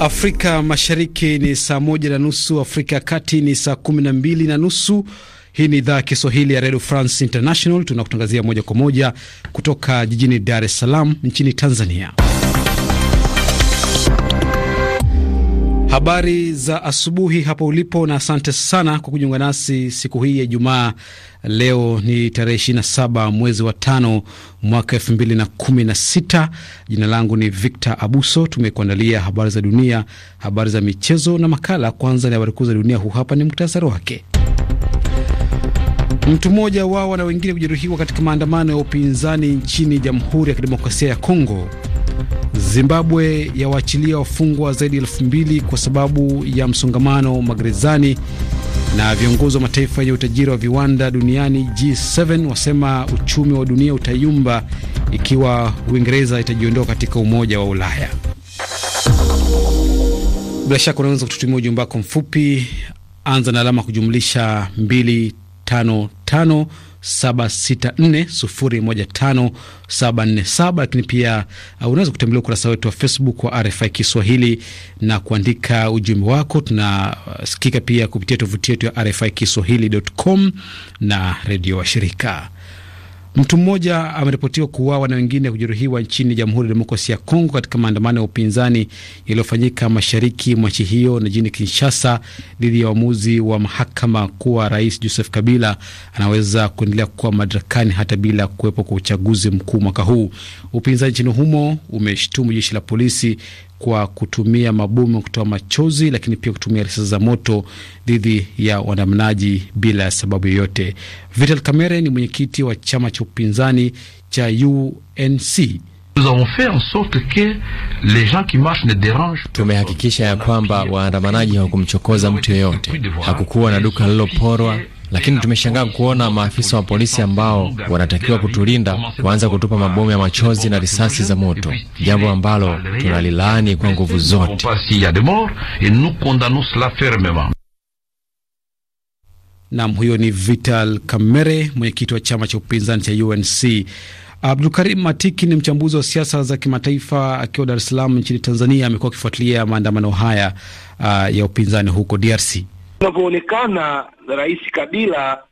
Afrika Mashariki ni saa moja na nusu, Afrika ya Kati ni saa kumi na mbili na nusu. Hii ni idhaa ya Kiswahili ya redio France International. Tunakutangazia moja kwa moja kutoka jijini Dar es Salaam nchini Tanzania. Habari za asubuhi hapo ulipo, na asante sana kwa kujiunga nasi siku hii ya Ijumaa. Leo ni tarehe 27 mwezi wa tano mwaka sita. Jina langu ni Victor Abuso. Tumekuandalia habari za dunia, habari za michezo na makala. Kwanza ni habari kuu za dunia, huu hapa ni muktasari wake. Mtu mmoja wao na wengine kujeruhiwa katika maandamano ya upinzani nchini Jamhuri ya Kidemokrasia ya Kongo. Zimbabwe yawaachilia wafungwa zaidi ya elfu mbili kwa sababu ya msongamano magerezani, na viongozi wa mataifa yenye utajiri wa viwanda duniani G7 wasema uchumi wa dunia utayumba ikiwa Uingereza itajiondoa katika Umoja wa Ulaya. Bila shaka unaweza kututumia ujumbe wako mfupi, anza na alama kujumlisha 255 764015747 lakini pia uh, unaweza kutembelea ukurasa wetu wa Facebook wa RFI Kiswahili na kuandika ujumbe wako. Tunasikika pia kupitia tovuti yetu ya RFI Kiswahili.com na redio wa shirika Mtu mmoja ameripotiwa kuuawa na wengine kujeruhiwa nchini Jamhuri ya Demokrasia ya Kongo katika maandamano ya upinzani yaliyofanyika mashariki mwa nchi hiyo na jini Kinshasa dhidi ya uamuzi wa mahakama kuwa Rais Joseph Kabila anaweza kuendelea kuwa madarakani hata bila kuwepo kwa uchaguzi mkuu mwaka huu. Upinzani nchini humo umeshtumu jeshi la polisi kwa kutumia mabomu kutoa machozi, lakini pia kutumia risasi za moto dhidi ya waandamanaji bila sababu yoyote. Vital Kamerhe ni mwenyekiti wa chama cha upinzani cha UNC. Tumehakikisha ya kwamba waandamanaji hawakumchokoza mtu yeyote. Hakukuwa na duka lililoporwa, lakini tumeshangaa kuona maafisa wa polisi ambao wanatakiwa kutulinda kuanza kutupa mabomu ya machozi na risasi za moto, jambo ambalo tunalilaani kwa nguvu zote. Nam, huyo ni Vital Kamere, mwenyekiti wa chama cha upinzani cha UNC. abdul karim Matiki ni mchambuzi wa siasa za kimataifa akiwa Dar es Salaam nchini Tanzania. Amekuwa akifuatilia maandamano haya uh, ya upinzani huko DRC. Inavyoonekana Rais Kabila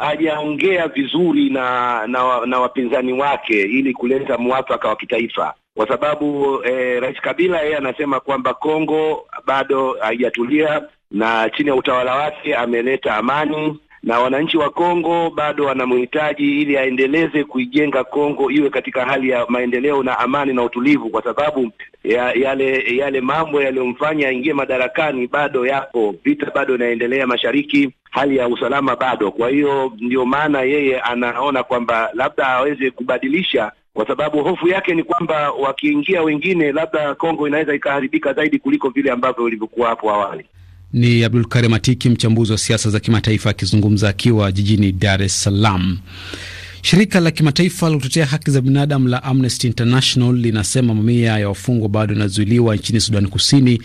hajaongea vizuri na, na na wapinzani wake ili kuleta mwafaka wa kitaifa kwa sababu eh, Rais Kabila yeye anasema kwamba Kongo bado haijatulia na chini ya utawala wake ameleta amani na wananchi wa Kongo bado wanamhitaji ili aendeleze kuijenga Kongo iwe katika hali ya maendeleo na amani na utulivu, kwa sababu ya, yale yale mambo yaliyomfanya aingie madarakani bado yapo, vita bado inaendelea mashariki, hali ya usalama bado. Kwa hiyo ndio maana yeye anaona kwamba labda aweze kubadilisha kwa sababu hofu yake ni kwamba wakiingia wengine, labda Kongo inaweza ikaharibika zaidi kuliko vile ambavyo ilivyokuwa hapo awali. Ni Abdul Karim Atiki, mchambuzi wa siasa za kimataifa, akizungumza akiwa jijini Dar es Salaam. Shirika la kimataifa la kutetea haki za binadamu la Amnesty International linasema mamia ya wafungwa bado inazuiliwa nchini Sudan Kusini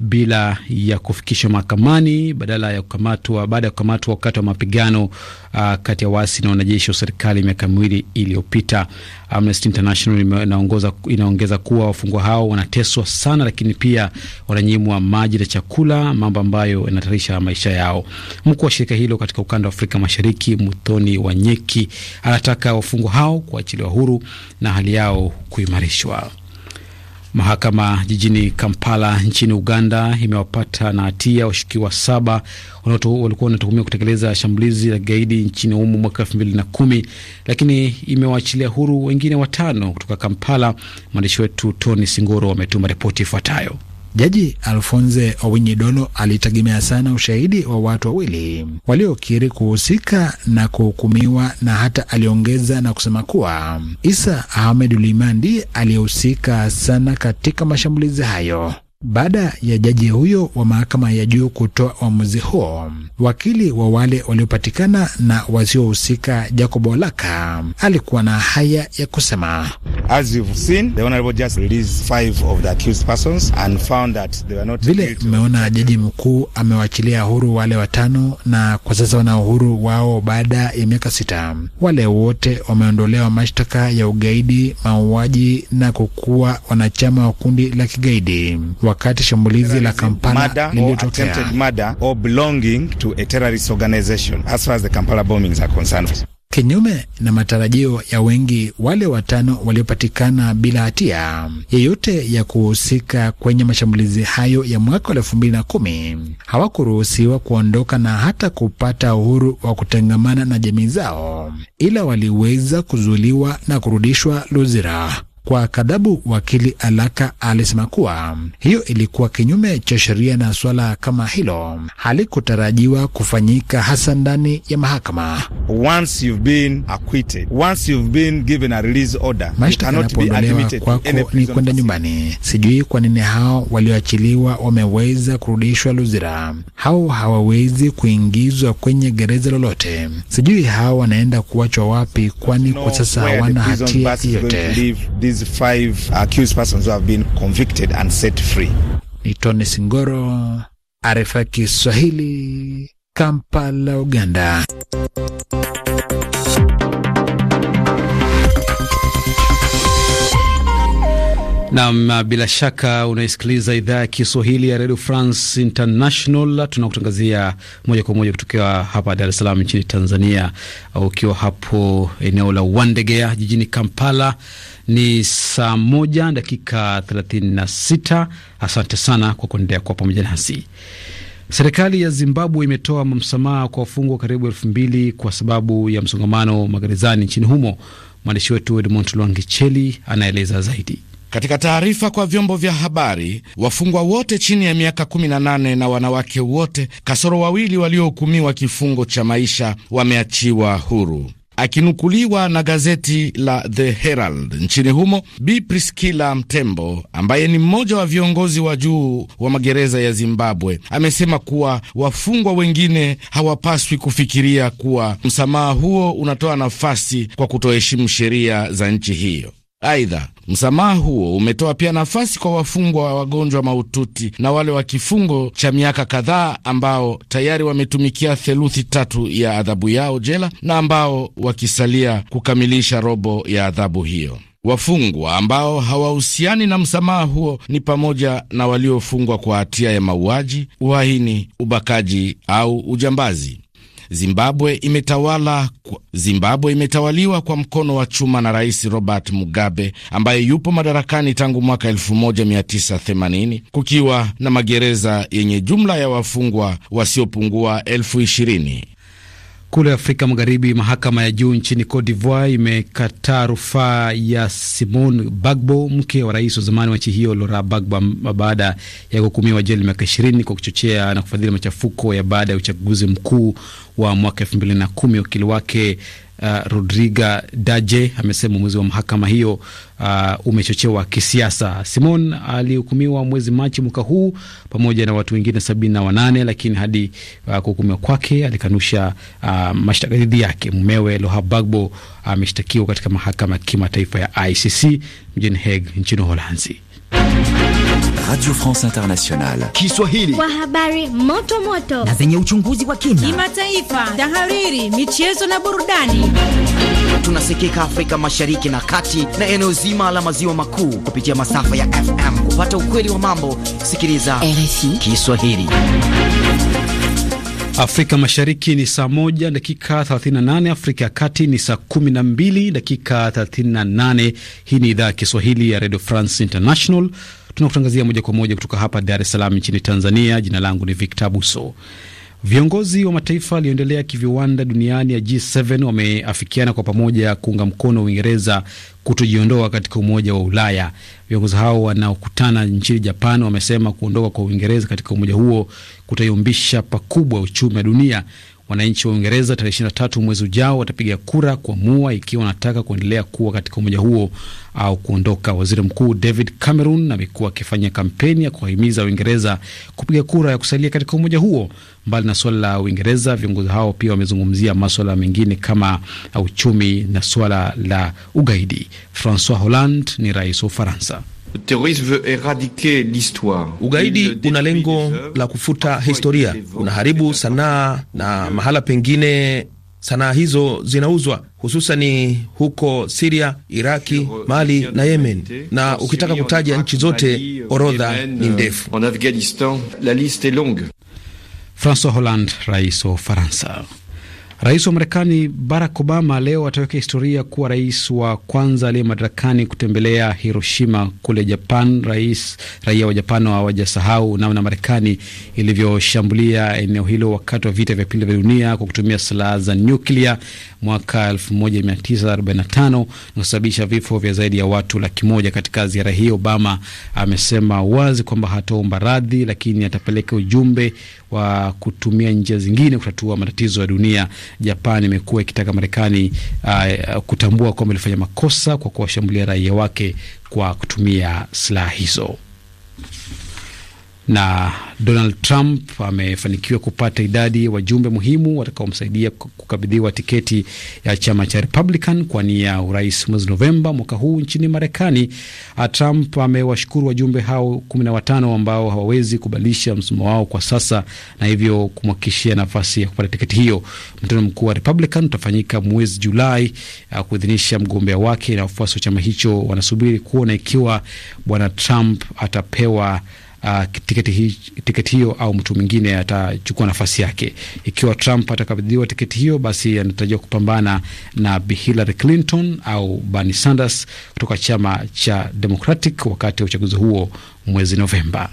bila ya kufikishwa mahakamani badala ya kukamatwa baada ya kukamatwa wakati wa mapigano uh, kati ya waasi na wanajeshi wa serikali miaka miwili iliyopita. Amnesty International inaongeza kuwa wafungwa hao wanateswa sana, lakini pia wananyimwa maji na chakula, mambo ambayo yanatarisha maisha yao. Mkuu wa shirika hilo katika ukanda wa Afrika Mashariki, Muthoni Wanyeki, anataka wafungwa hao kuachiliwa huru na hali yao kuimarishwa. Mahakama jijini Kampala nchini Uganda imewapata na hatia washukiwa saba walikuwa wanatuhumiwa kutekeleza shambulizi la kigaidi nchini humo mwaka elfu mbili na kumi, lakini imewaachilia huru wengine watano kutoka Kampala. Mwandishi wetu Tony Singoro ametuma ripoti ifuatayo. Jaji Alfonse Owinyidolo alitegemea sana ushahidi wa watu wawili waliokiri kuhusika na kuhukumiwa, na hata aliongeza na kusema kuwa Isa Ahmed Ulimandi aliyehusika sana katika mashambulizi hayo. Baada ya jaji huyo wa mahakama ya juu kutoa uamuzi huo, wakili wa wale waliopatikana na wasiohusika Jacob Olaka alikuwa na haya ya kusema. Vile mmeona jaji mkuu amewachilia huru wale watano, na kwa sasa wana uhuru wao baada ya miaka sita. Wale wote wameondolewa mashtaka ya ugaidi, mauaji na kukuwa wanachama wa kundi la kigaidi wakati shambulizi la Kampala lililotokea. Kinyume na matarajio ya wengi, wale watano waliopatikana bila hatia yeyote ya kuhusika kwenye mashambulizi hayo ya mwaka wa elfu mbili na kumi hawakuruhusiwa kuondoka na hata kupata uhuru wa kutengamana na jamii zao, ila waliweza kuzuiliwa na kurudishwa Luzira. Kwa kadhabu, wakili Alaka alisema kuwa hiyo ilikuwa kinyume cha sheria na swala kama hilo halikutarajiwa kufanyika hasa ndani ya mahakama. mashtaka yanapoondolewa kwako ni kwenda nyumbani. Sijui kwa nini hao walioachiliwa wameweza kurudishwa Luzira, hao hawawezi kuingizwa kwenye gereza lolote. Sijui hao wanaenda kuachwa wapi, kwani kwa sasa hawana hatia yote these five accused persons who have been convicted and set free. Ni Tony Singoro, RFI Kiswahili, Kampala, Uganda. Nam, bila shaka unaisikiliza idhaa ya Kiswahili ya redio France International. Tunakutangazia moja kwa moja kutokea hapa Dar es Salaam nchini Tanzania, ukiwa hapo eneo la Wandegea jijini Kampala. Ni saa moja dakika 36. Asante sana kwa kuendelea kuwa pamoja nasi. Serikali ya Zimbabwe imetoa msamaha kwa wafungwa karibu elfu mbili kwa sababu ya msongamano magerezani nchini humo. Mwandishi wetu Edmond Lwangicheli anaeleza zaidi. Katika taarifa kwa vyombo vya habari, wafungwa wote chini ya miaka 18 na wanawake wote kasoro wawili waliohukumiwa kifungo cha maisha wameachiwa huru. Akinukuliwa na gazeti la The Herald nchini humo, Bi Priskila Mtembo ambaye ni mmoja wa viongozi wa juu wa magereza ya Zimbabwe amesema kuwa wafungwa wengine hawapaswi kufikiria kuwa msamaha huo unatoa nafasi kwa kutoheshimu sheria za nchi hiyo. Aidha, msamaha huo umetoa pia nafasi kwa wafungwa wa wagonjwa mahututi na wale wa kifungo cha miaka kadhaa ambao tayari wametumikia theluthi tatu ya adhabu yao jela na ambao wakisalia kukamilisha robo ya adhabu hiyo. Wafungwa ambao hawahusiani na msamaha huo ni pamoja na waliofungwa kwa hatia ya mauaji, uhaini, ubakaji au ujambazi. Zimbabwe imetawala, Zimbabwe imetawaliwa kwa mkono wa chuma na Rais Robert Mugabe ambaye yupo madarakani tangu mwaka 1980 kukiwa na magereza yenye jumla ya wafungwa wasiopungua elfu ishirini. Kule Afrika Magharibi, mahakama ya juu nchini Cote d'Ivoire imekataa rufaa ya simon Bagbo, mke wa rais wa zamani wa nchi hiyo Laurent bagbo baada ya kuhukumiwa jeli miaka ishirini kwa kuchochea na kufadhili machafuko ya baada ya uchaguzi mkuu wa mwaka elfu mbili na kumi. Wakili wake uh, Rodriga Daje amesema uamuzi wa mahakama hiyo uh, umechochewa kisiasa. Simon alihukumiwa mwezi Machi mwaka huu pamoja na watu wengine sabini na wanane, lakini hadi uh, kuhukumiwa kwake alikanusha uh, mashtaka dhidi yake. Mumewe Lohabagbo ameshtakiwa uh, katika mahakama ya kimataifa ya ICC mjini Hague nchini Uholanzi. Radio France Internationale Kiswahili kwa habari moto moto na zenye uchunguzi wa kina, kimataifa, tahariri, michezo na burudani. Tunasikika Afrika Mashariki na Kati na eneo zima la maziwa makuu kupitia masafa ya FM. Kupata ukweli wa mambo, sikiliza RFI Kiswahili. Afrika Mashariki ni saa moja dakika 38, Afrika ya Kati ni saa 12 dakika 38. Hii ni idhaa ya Kiswahili ya Radio France International. Tunakutangazia moja kwa moja kutoka hapa Dar es Salaam nchini Tanzania. Jina langu ni Victor Buso. Viongozi wa mataifa yaliyoendelea kiviwanda duniani ya G7 wameafikiana kwa pamoja kuunga mkono Uingereza kutojiondoa katika Umoja wa Ulaya. Viongozi hao wanaokutana nchini Japan wamesema kuondoka kwa Uingereza katika umoja huo kutayumbisha pakubwa uchumi wa dunia. Wananchi wa Uingereza tarehe 23 mwezi ujao watapiga kura kuamua ikiwa wanataka kuendelea kuwa katika umoja huo au kuondoka. Waziri Mkuu David Cameron amekuwa akifanya kampeni ya kuwahimiza Uingereza kupiga kura ya kusalia katika umoja huo. Mbali na suala la Uingereza, viongozi hao pia wamezungumzia maswala mengine kama uchumi na suala la ugaidi. Francois Hollande ni rais wa Ufaransa. Ugaidi una lengo la kufuta historia, unaharibu sanaa na mahala pengine sanaa hizo zinauzwa hususani huko Siria, Iraki, Mali na Yemen, na ukitaka kutaja nchi zote orodha ni ndefu. Francois Hollande, rais wa Ufaransa. Rais wa Marekani Barack Obama leo ataweka historia kuwa rais wa kwanza aliye madarakani kutembelea Hiroshima kule Japan. Rais raia wa Japan hawajasahau namna Marekani ilivyoshambulia eneo hilo wakati wa vita vya pili vya dunia kwa kutumia silaha za nyuklia mwaka 1945 na kusababisha vifo vya zaidi ya watu laki moja. Katika ziara hii, Obama amesema wazi kwamba hataomba radhi, lakini atapeleka ujumbe wa kutumia njia zingine kutatua matatizo ya dunia. Japan imekuwa ikitaka Marekani uh, kutambua kwamba ilifanya makosa kwa kuwashambulia raia wake kwa kutumia silaha hizo na Donald Trump amefanikiwa kupata idadi ya wajumbe muhimu watakaomsaidia kukabidhiwa tiketi ya chama cha Republican kwa nia ya urais mwezi Novemba mwaka huu nchini Marekani. Ah, Trump amewashukuru wajumbe hao kumi na watano ambao hawawezi kubadilisha msimamo wao kwa sasa na hivyo kumhakikishia nafasi ya kupata tiketi hiyo. Mkutano mkuu wa Republican utafanyika mwezi Julai ah, kuidhinisha mgombea wake, na wafuasi wa chama hicho wanasubiri kuona ikiwa bwana Trump atapewa uh, tiketi hi, tiketi hiyo au mtu mwingine atachukua nafasi yake. Ikiwa Trump atakabidhiwa tiketi hiyo, basi anatarajiwa kupambana na Hillary Clinton au Bernie Sanders kutoka chama cha Democratic wakati wa uchaguzi huo mwezi Novemba.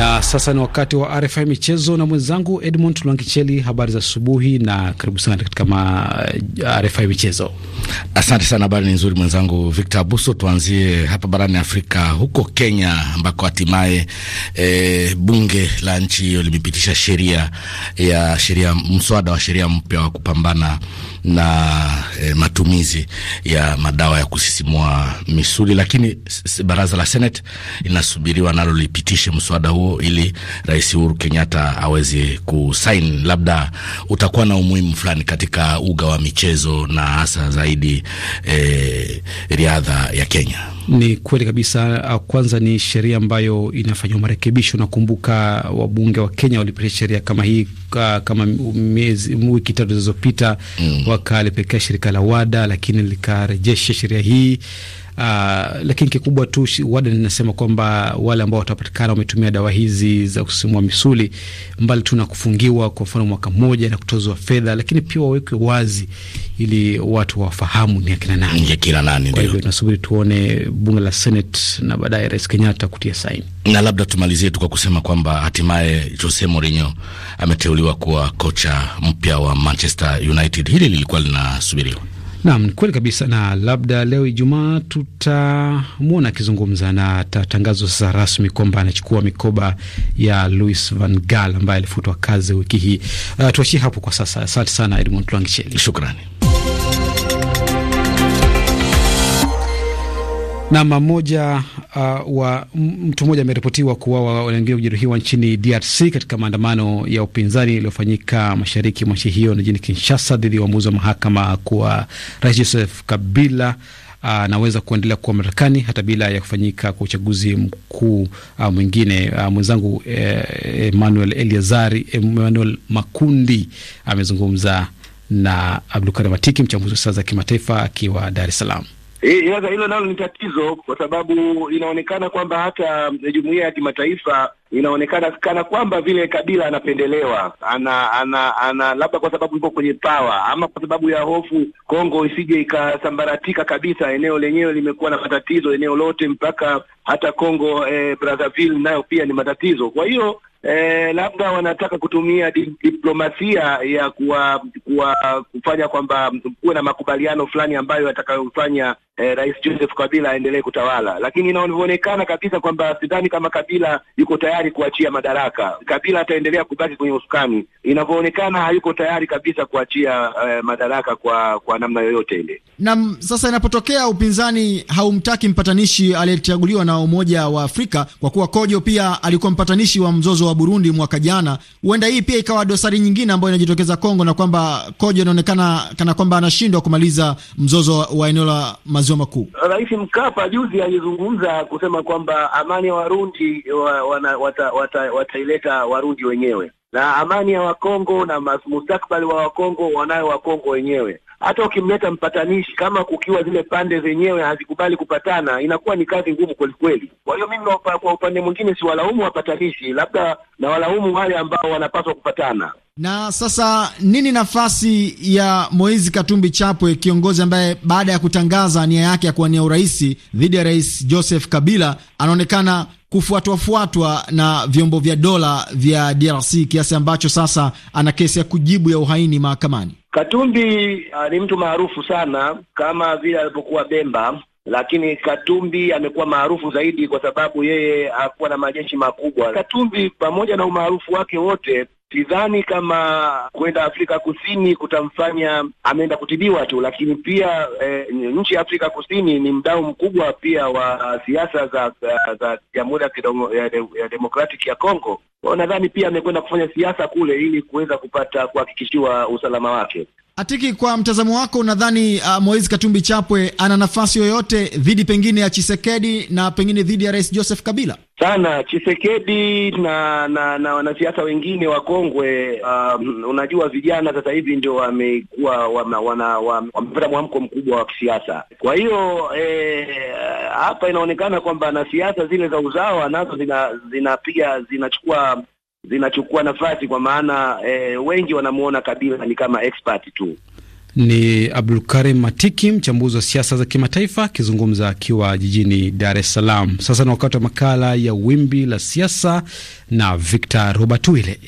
Na sasa ni wakati wa RFI michezo na mwenzangu Edmund Lwangicheli. Habari za asubuhi na karibu sana katika RFI michezo. Asante sana, habari ni nzuri mwenzangu Victor Abuso. Tuanzie hapa barani Afrika, huko Kenya ambako hatimaye e, bunge la nchi hiyo limepitisha sheria ya sheria, mswada wa sheria mpya wa kupambana na e, matumizi ya madawa ya kusisimua misuli, lakini baraza la Senate inasubiriwa nalo lipitishe mswada huo ili Rais Uhuru Kenyatta aweze kusain Labda utakuwa na umuhimu fulani katika uga wa michezo na hasa zaidi e, riadha ya Kenya. Ni kweli kabisa. Ah, kwanza ni sheria ambayo inafanyiwa marekebisho. Nakumbuka wabunge wa Kenya walipitisha sheria kama hii ah, kama miezi wiki tatu zilizopita mm mwaka alipekea shirika la WADA, lakini likarejesha sheria hii Uh, lakini kikubwa tu WADA inasema kwamba wale ambao watapatikana wametumia dawa hizi za kusisimua misuli, mbali tu na kufungiwa kwa mfano mwaka mmoja na kutozwa fedha, lakini pia wawekwe wazi ili watu wafahamu ni akina nani, ni akina nani. Kwa hivyo tunasubiri tuone bunge la Senate na baadaye Rais Kenyatta kutia saini, na labda tumalizie tu kwa kusema kwamba hatimaye Jose Mourinho ameteuliwa kuwa kocha mpya wa Manchester United. Hili lilikuwa linasubiriwa Naam, ni kweli kabisa, na labda leo Ijumaa tutamwona akizungumza na tatangazwa sasa rasmi kwamba anachukua mikoba ya Louis van Gaal ambaye alifutwa kazi wiki hii. Uh, tuachie hapo kwa sasa. Asante sana Edmond Lwangicheli, shukrani. Na mmoja uh, wa mtu mmoja ameripotiwa kuuawa na wengine kujeruhiwa nchini DRC katika maandamano ya upinzani yaliyofanyika mashariki mwa nchi hiyo na jijini Kinshasa dhidi ya uamuzi wa mahakama kuwa Rais Joseph Kabila uh, anaweza kuendelea kuwa madarakani hata bila ya kufanyika kwa uchaguzi mkuu uh, mwingine. Uh, mwenzangu eh, Emmanuel Eliazari, Emmanuel Makundi amezungumza na Abdulkarim Atiki, mchambuzi wa siasa za kimataifa akiwa Dar es Salaam. Eh, eh, sasa hilo nalo ni tatizo, kwa sababu inaonekana kwamba hata mm, jumuiya ya kimataifa inaonekana kana kwamba vile Kabila anapendelewa, ana ana, ana labda kwa sababu yuko kwenye pawa ama kwa sababu ya hofu Kongo isije ikasambaratika kabisa. Eneo lenyewe limekuwa na matatizo, eneo lote mpaka hata Kongo eh, Brazzaville nayo pia ni matatizo. Kwa hiyo eh, labda wanataka kutumia di, diplomasia ya kuwa, kuwa kufanya kwamba kuwe na makubaliano fulani ambayo yatakayofanya eh, Rais Joseph Kabila aendelee kutawala, lakini inaonekana kabisa kwamba sidhani kama Kabila yuko tayari kuachia madaraka. Kabila ataendelea kubaki kwenye usukani, inavyoonekana hayuko tayari kabisa kuachia eh, madaraka kwa kwa namna yoyote ile. Naam, sasa inapotokea upinzani haumtaki mpatanishi aliyechaguliwa na Umoja wa Afrika, kwa kuwa Kojo pia alikuwa mpatanishi wa mzozo wa Burundi mwaka jana. Huenda hii pia ikawa dosari nyingine ambayo inajitokeza Kongo, na kwamba Kojo inaonekana kana kwamba anashindwa kumaliza mzozo wa eneo la maziwa makuu. Rais Mkapa juzi alizungumza kusema kwamba amani ya Warundi wataileta wata, wata Warundi wenyewe na amani ya Wakongo na mustakbali wa Wakongo wanayo Wakongo wenyewe hata ukimleta mpatanishi, kama kukiwa zile pande zenyewe hazikubali kupatana, inakuwa ni kazi ngumu kweli kweli. Kwa hiyo mimi kwa upande mwingine si walaumu wapatanishi, labda na walaumu wale ambao wanapaswa kupatana. Na sasa nini nafasi ya Moizi Katumbi Chapwe, kiongozi ambaye baada ya kutangaza nia yake ya kuwania urais dhidi ya Rais Joseph Kabila anaonekana kufuatwafuatwa na vyombo vya dola vya DRC kiasi ambacho sasa ana kesi ya kujibu ya uhaini mahakamani. Katumbi uh, ni mtu maarufu sana kama vile alipokuwa Bemba, lakini Katumbi amekuwa maarufu zaidi kwa sababu yeye hakuwa na majeshi makubwa. Katumbi pamoja na umaarufu wake wote sidhani kama kwenda Afrika Kusini kutamfanya ameenda kutibiwa tu, lakini pia e, nchi ya Afrika Kusini ni mdau mkubwa pia wa siasa za za Jamhuri ya Demokratic ya Kongo. Nadhani pia amekwenda kufanya siasa kule ili kuweza kupata kuhakikishiwa usalama wake. Atiki, kwa mtazamo wako unadhani uh, Moise Katumbi Chapwe ana nafasi yoyote dhidi pengine ya Chisekedi na pengine dhidi ya Rais Joseph Kabila? Sana Chisekedi na na, na wanasiasa wengine wakongwe. Um, unajua vijana sasa hivi ndio wamekuwa wamepata wame mwamko mkubwa wa kisiasa. Kwa hiyo eh, hapa inaonekana kwamba na siasa zile za uzawa nazo zinapiga zina zinachukua zinachukua nafasi, kwa maana e, wengi wanamuona Kabila ni kama expert tu. Ni Abdulkarim Matiki, mchambuzi wa siasa za kimataifa akizungumza akiwa jijini Dar es Salaam. Sasa ni wakati wa makala ya Wimbi la Siasa na Victor Robert Wile.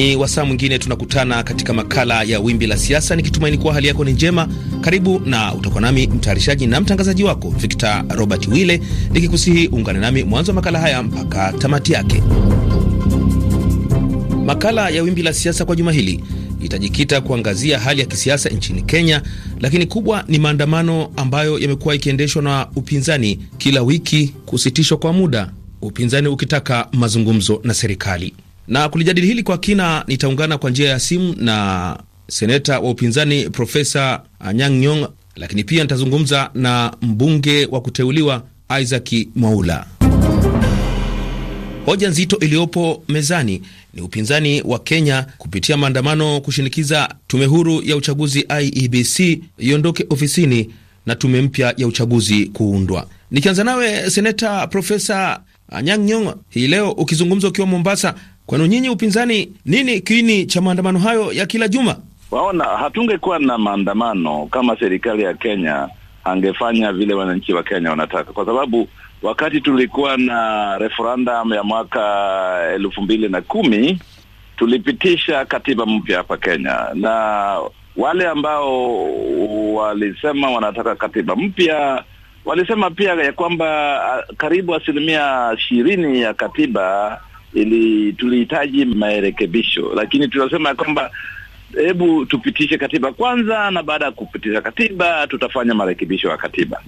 Ni wasaa mwingine tunakutana katika makala ya Wimbi la Siasa, nikitumaini kuwa hali yako ni njema. Karibu na utakuwa nami mtayarishaji na mtangazaji wako Victor Robert Wille, nikikusihi uungane nami mwanzo wa makala haya mpaka tamati yake. Makala ya Wimbi la Siasa kwa juma hili itajikita kuangazia hali ya kisiasa nchini Kenya, lakini kubwa ni maandamano ambayo yamekuwa ikiendeshwa na upinzani kila wiki kusitishwa kwa muda, upinzani ukitaka mazungumzo na serikali. Na kulijadili hili kwa kina, nitaungana kwa njia ya simu na seneta wa upinzani Profesa Anyang' Nyong', lakini pia nitazungumza na mbunge wa kuteuliwa Isaac Mwaula. Hoja nzito iliyopo mezani ni upinzani wa Kenya kupitia maandamano kushinikiza tume huru ya uchaguzi IEBC iondoke ofisini na tume mpya ya uchaguzi kuundwa. Nikianza nawe seneta Profesa Anyang' Nyong'o, hii leo ukizungumza ukiwa Mombasa, Kwani nyinyi upinzani, nini kiini cha maandamano hayo ya kila juma? Waona, hatungekuwa na maandamano kama serikali ya Kenya angefanya vile wananchi wa Kenya wanataka, kwa sababu wakati tulikuwa na referendum ya mwaka elfu mbili na kumi tulipitisha katiba mpya hapa Kenya, na wale ambao walisema wanataka katiba mpya walisema pia ya kwamba karibu asilimia ishirini ya katiba ili tulihitaji marekebisho, lakini tunasema ya kwamba hebu tupitishe katiba kwanza, na baada ya kupitisha katiba tutafanya marekebisho ya katiba.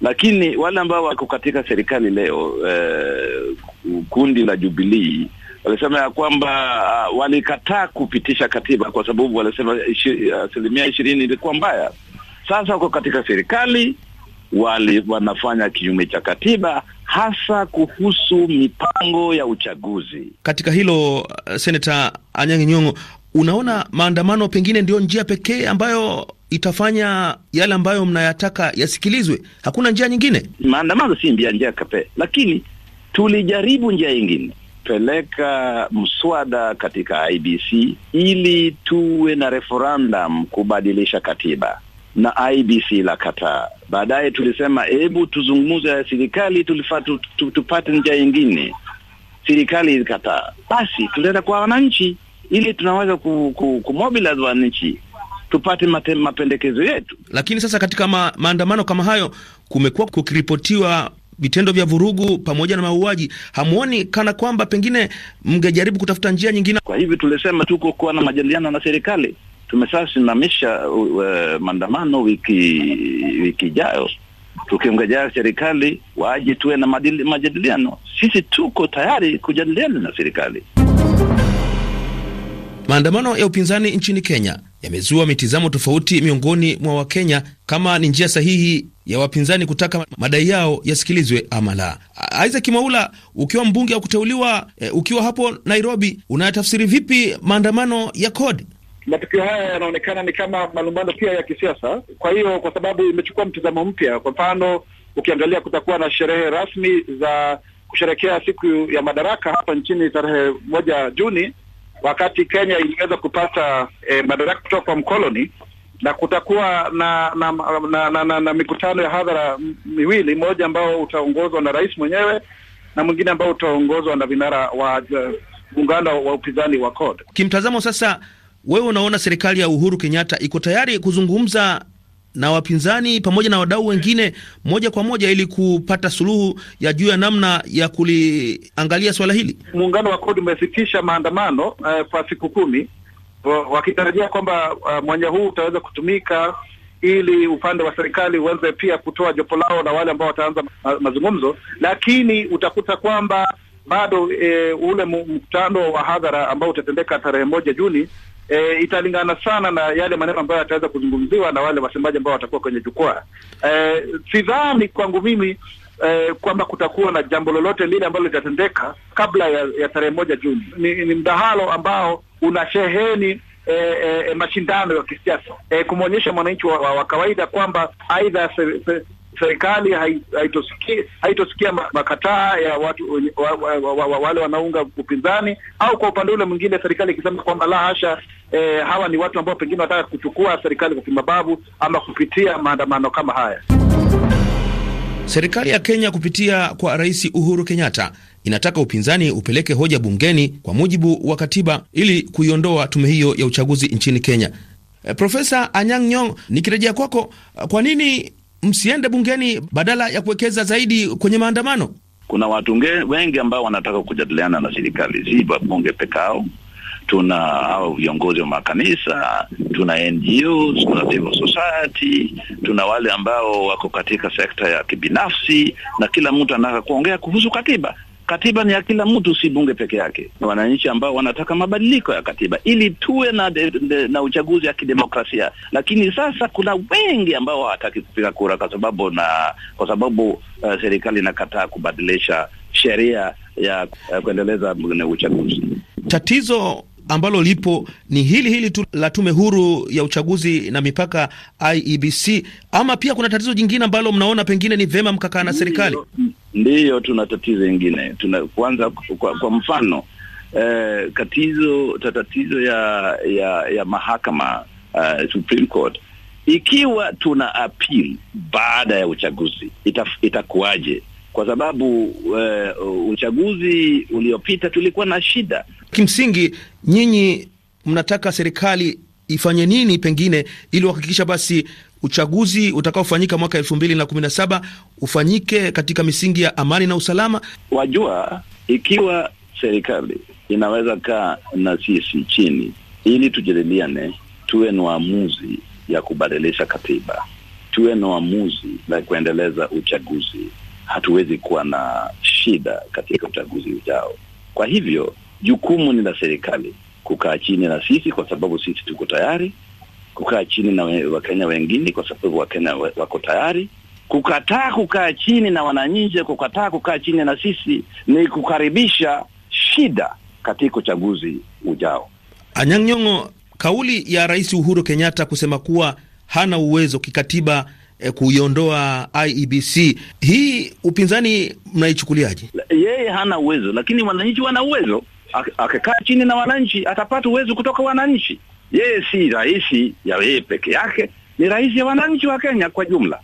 Lakini wale ambao wako katika serikali leo eh, kundi la jubilii walisema ya kwamba uh, walikataa kupitisha katiba kwa sababu walisema asilimia ishi, uh, ishirini ilikuwa mbaya. Sasa wako katika serikali wali wanafanya kinyume cha katiba hasa kuhusu mipango ya uchaguzi. Katika hilo, uh, Senata Anyang'i Nyong'o, unaona maandamano pengine ndiyo njia pekee ambayo itafanya yale ambayo mnayataka yasikilizwe? Hakuna njia nyingine? Maandamano si mbia njia kape, lakini tulijaribu njia yingine peleka mswada katika IBC ili tuwe na referendum kubadilisha katiba na IBC la kataa Baadaye tulisema hebu tuzungumze na serikali, tupate njia nyingine, serikali ilikataa. Basi tulienda kwa wananchi, ili tunaweza ku, ku, mobilize wananchi tupate mate, mapendekezo yetu. Lakini sasa katika ma, maandamano kama hayo kumekuwa kukiripotiwa vitendo vya vurugu pamoja na mauaji. Hamuoni kana kwamba pengine mngejaribu kutafuta njia nyingine? Kwa hivyo tulisema tuko kuwa na majadiliano na serikali tumeshasimamisha uh, eh, uh, maandamano wiki wiki ijayo, tukiongejea serikali waje tuwe na madili, majadiliano. Sisi tuko tayari kujadiliana na serikali. Maandamano ya upinzani nchini Kenya yamezua mitizamo tofauti miongoni mwa Wakenya kama ni njia sahihi ya wapinzani kutaka madai yao yasikilizwe ama la. Isaac Mwaula, ukiwa mbunge wa kuteuliwa e, ukiwa hapo Nairobi, unayatafsiri vipi maandamano ya kodi? matukio haya yanaonekana ni kama malumbano pia ya kisiasa. Kwa hiyo, kwa sababu imechukua mtazamo mpya, kwa mfano ukiangalia, kutakuwa na sherehe rasmi za kusherekea siku ya madaraka hapa nchini tarehe moja Juni, wakati Kenya iliweza kupata eh, madaraka kutoka kwa mkoloni, na kutakuwa na na, na, na, na, na mikutano ya hadhara miwili, moja ambao utaongozwa na rais mwenyewe na mwingine ambao utaongozwa na vinara wa eh, muungano wa upinzani wa CORD. Kimtazamo sasa wewe unaona serikali ya Uhuru Kenyatta iko tayari kuzungumza na wapinzani pamoja na wadau wengine moja kwa moja ili kupata suluhu ya juu ya namna ya kuliangalia swala hili. Muungano wa kodi umesitisha maandamano uh, kwa siku kumi wakitarajia kwamba uh, mwanya huu utaweza kutumika ili upande wa serikali uweze pia kutoa jopo lao na wale ambao wataanza ma mazungumzo, lakini utakuta kwamba bado e, ule mkutano wa hadhara ambao utatendeka tarehe moja Juni e, italingana sana na yale maneno ambayo yataweza kuzungumziwa na wale wasemaji ambao watakuwa kwenye jukwaa. E, sidhani kwangu mimi e, kwamba kutakuwa na jambo lolote lile ambalo litatendeka kabla ya, ya tarehe moja Juni. Ni, ni mdahalo ambao una sheheni e, e, mashindano ya kisiasa e, kumwonyesha mwananchi wa, wa, wa kawaida kwamba aidha serikali haitosikia haitosikia makataa ya watu wale wa, wa, wa, wa, wanaunga upinzani, au kwa upande ule mwingine serikali ikisema kwamba la hasha, eh, hawa ni watu ambao pengine wanataka kuchukua serikali kwa kimababu ama kupitia maandamano kama haya. Serikali ya Kenya kupitia kwa Rais Uhuru Kenyatta inataka upinzani upeleke hoja bungeni kwa mujibu wa katiba ili kuiondoa tume hiyo ya uchaguzi nchini Kenya. Eh, Profesa Anyang' Nyong, nikirejea kwako, eh, kwa nini msiende bungeni badala ya kuwekeza zaidi kwenye maandamano? Kuna watu wengi ambao wanataka kujadiliana na serikali, si bunge pekao. Tuna hao viongozi wa makanisa, tuna NGOs, tuna civil society, tuna wale ambao wako katika sekta ya kibinafsi, na kila mtu anataka kuongea kuhusu katiba. Katiba ni ya kila mtu, si bunge peke yake. Na wananchi ambao wanataka mabadiliko ya katiba ili tuwe na, de, de, na uchaguzi ya kidemokrasia. Lakini sasa kuna wengi ambao hawataki kupiga kura kwa sababu na kwa sababu uh, serikali inakataa kubadilisha sheria ya uh, kuendeleza uchaguzi. Tatizo ambalo lipo ni hili hili tu la Tume Huru ya Uchaguzi na Mipaka, IEBC, ama pia kuna tatizo jingine ambalo mnaona pengine ni vema mkakaa na serikali? ndiyo tuna tatizo ingine tuna kwanza kwa, kwa mfano eh, katizo tatizo ya ya ya mahakama uh, Supreme Court ikiwa tuna appeal baada ya uchaguzi itakuwaje? Ita kwa sababu uh, uchaguzi uliopita tulikuwa na shida kimsingi. Nyinyi mnataka serikali ifanye nini pengine ili kuhakikisha basi uchaguzi utakaofanyika mwaka elfu mbili na kumi na saba ufanyike katika misingi ya amani na usalama. Wajua, ikiwa serikali inaweza kaa na sisi chini ili tujadiliane, tuwe na uamuzi ya kubadilisha katiba, tuwe na uamuzi la kuendeleza uchaguzi, hatuwezi kuwa na shida katika uchaguzi ujao. Kwa hivyo jukumu ni la serikali kukaa chini na sisi, kwa sababu sisi tuko tayari kukaa chini na Wakenya wengine, kwa sababu Wakenya wako tayari kukataa kukaa chini na wananyinje Kukataa kukaa chini na sisi ni kukaribisha shida katika uchaguzi ujao. anyangnyongo kauli ya Rais Uhuru Kenyatta kusema kuwa hana uwezo kikatiba eh, kuiondoa IEBC hii, upinzani mnaichukuliaje? Yeye hana uwezo, lakini wananchi wana uwezo akikaa chini na wananchi atapata uwezo kutoka wananchi. Yeye si rais ya yeye peke yake, ni rais ya wananchi wa Kenya kwa jumla.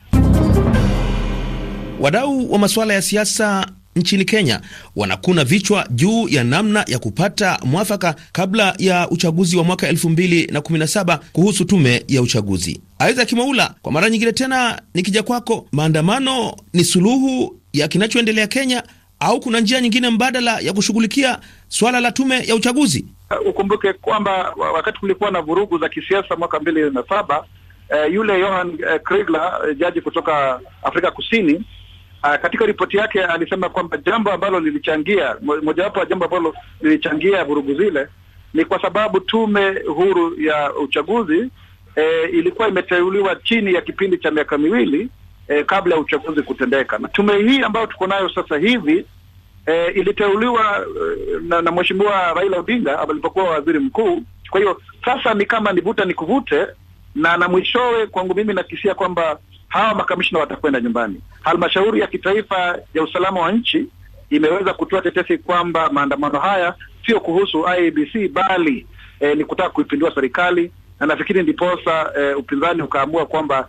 Wadau wa masuala ya siasa nchini Kenya wanakuna vichwa juu ya namna ya kupata mwafaka kabla ya uchaguzi wa mwaka 2017 kuhusu tume ya uchaguzi. Aidha, Kimaula, kwa mara nyingine tena nikija kwako, maandamano ni suluhu ya kinachoendelea Kenya au kuna njia nyingine mbadala ya kushughulikia swala la tume ya uchaguzi? Uh, ukumbuke kwamba wakati kulikuwa na vurugu za kisiasa mwaka mbili na saba eh, yule Johan eh, uh, Kriegler eh, jaji kutoka Afrika Kusini Uh, katika ripoti yake alisema kwamba jambo ambalo lilichangia, mojawapo ya jambo ambalo lilichangia vurugu zile ni kwa sababu tume huru ya uchaguzi eh, ilikuwa imeteuliwa chini ya kipindi cha miaka miwili eh, kabla ya uchaguzi kutendeka. Na tume hii ambayo tuko nayo sasa hivi eh, iliteuliwa eh, na, na mheshimiwa Raila Odinga alipokuwa waziri mkuu. Kwa hiyo sasa ni kama nivuta kuvute na na mwishowe kwangu mimi nakisia kwamba hawa makamishna watakwenda nyumbani. Halmashauri ya kitaifa ya usalama wa nchi imeweza kutoa tetesi kwamba maandamano haya sio kuhusu IBC bali eh, ni kutaka kuipindua serikali, na nafikiri ndiposa eh, upinzani ukaamua kwamba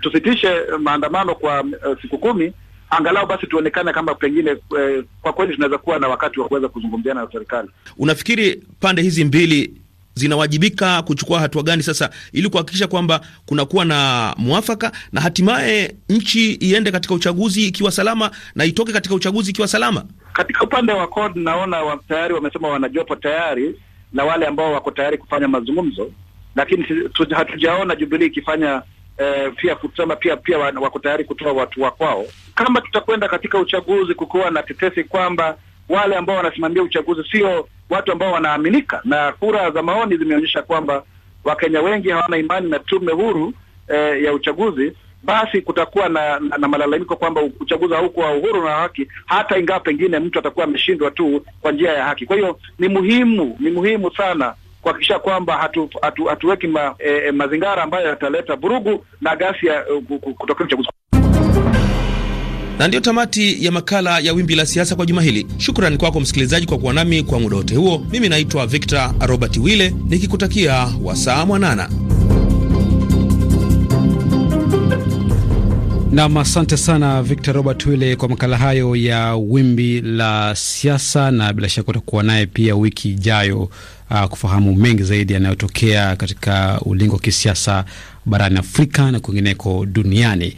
tusitishe maandamano kwa uh, siku kumi angalau basi tuonekane kama pengine eh, kwa kweli tunaweza kuwa na wakati wa kuweza kuzungumziana na serikali. Unafikiri pande hizi mbili zinawajibika kuchukua hatua gani sasa ili kuhakikisha kwamba kunakuwa na mwafaka na hatimaye nchi iende katika uchaguzi ikiwa salama na itoke katika uchaguzi ikiwa salama? Katika upande wa CORD naona wa tayari wamesema wanajopo tayari na wale ambao wako tayari kufanya mazungumzo, lakini hatujaona Jubilee ikifanya eh, pia kusema pia pia wako tayari kutoa watu wa kwao. Kama tutakwenda katika uchaguzi kukuwa na tetesi kwamba wale ambao wanasimamia uchaguzi sio watu ambao wanaaminika, na kura za maoni zimeonyesha kwamba Wakenya wengi hawana imani na tume huru eh, ya uchaguzi, basi kutakuwa na, na, na malalamiko kwamba uchaguzi haukuwa uhuru na haki, hata ingawa pengine mtu atakuwa ameshindwa tu kwa njia ya haki. Kwa hiyo ni muhimu, ni muhimu sana kuhakikisha kwamba hatu, hatu, hatuweki ma, e, mazingara ambayo yataleta vurugu na ghasia eh, kutokea uchaguzi. Na ndiyo tamati ya makala ya Wimbi la Siasa kwa juma hili. Shukrani kwako msikilizaji kwa kuwa nami kwa muda wote huo. Mimi naitwa Victor Robert Wille nikikutakia wasaa mwanana. Nam, asante sana Victor Robert Wille kwa makala hayo ya wimbi la siasa, na bila shaka utakuwa naye pia wiki ijayo, uh, kufahamu mengi zaidi yanayotokea katika ulingo wa kisiasa barani Afrika na kwingineko duniani.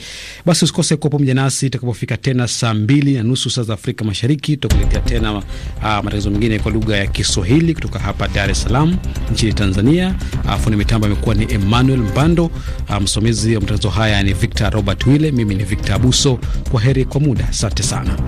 Basi usikose kuwa pamoja nasi itakapofika tena saa mbili na nusu saa za Afrika Mashariki. Tutakuletea tena uh, matangazo mengine kwa lugha ya Kiswahili kutoka hapa Dar es Salaam nchini Tanzania. Uh, fundi mitambo amekuwa ni Emmanuel Mbando. Uh, msimamizi wa matangazo haya ni Victor Robert Wille. Mimi ni Victor Abuso. Kwa heri kwa muda, asante sana.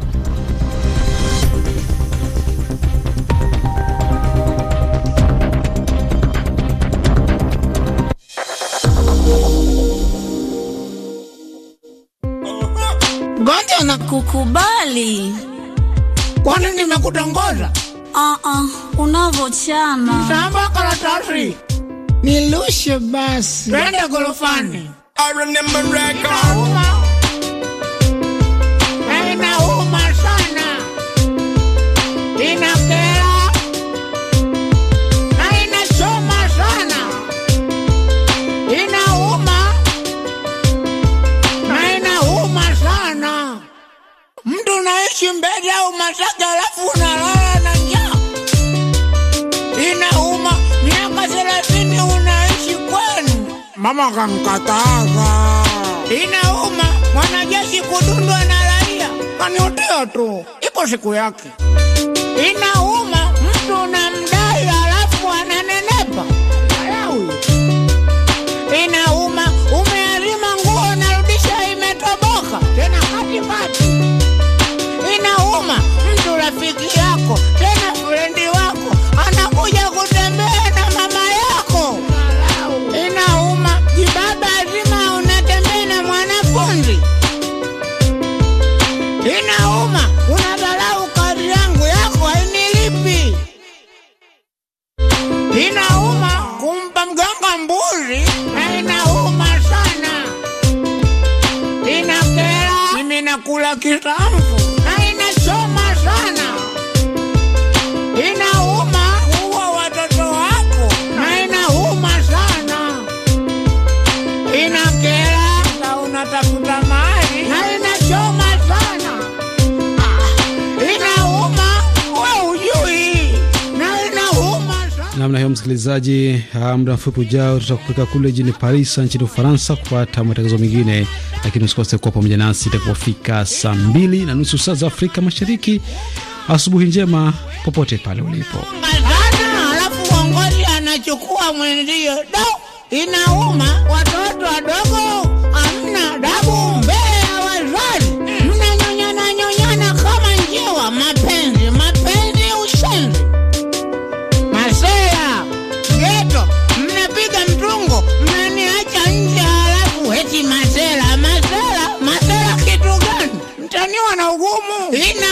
Kwani nimekutongoza? Ah ah, unavochana. Samba karatasi. Nilushe basi. Twende gorofani. I remember record. kimbele au masaga alafu unalala na njaa inauma. Miaka thelathini unaishi kwenu. Mama kankataza, inauma mwanajeshi kudundwa na raia, kaniotea tu, ipo siku yake, inauma Kitambo na inasoma sana, inauma huwa watoto wako na inauma sana, inakera na unatafuta namna hiyo, msikilizaji, ah, muda mfupi ujao tutakupeleka kule jijini Paris nchini Ufaransa kupata matangazo mengine, lakini usikose kuwa pamoja nasi itakapofika saa mbili na nusu saa za Afrika Mashariki. Asubuhi njema popote pale ulipo. Alafu uongozi anachukua mwendio do, inauma watoto wadogo, amna dabu mbe Linda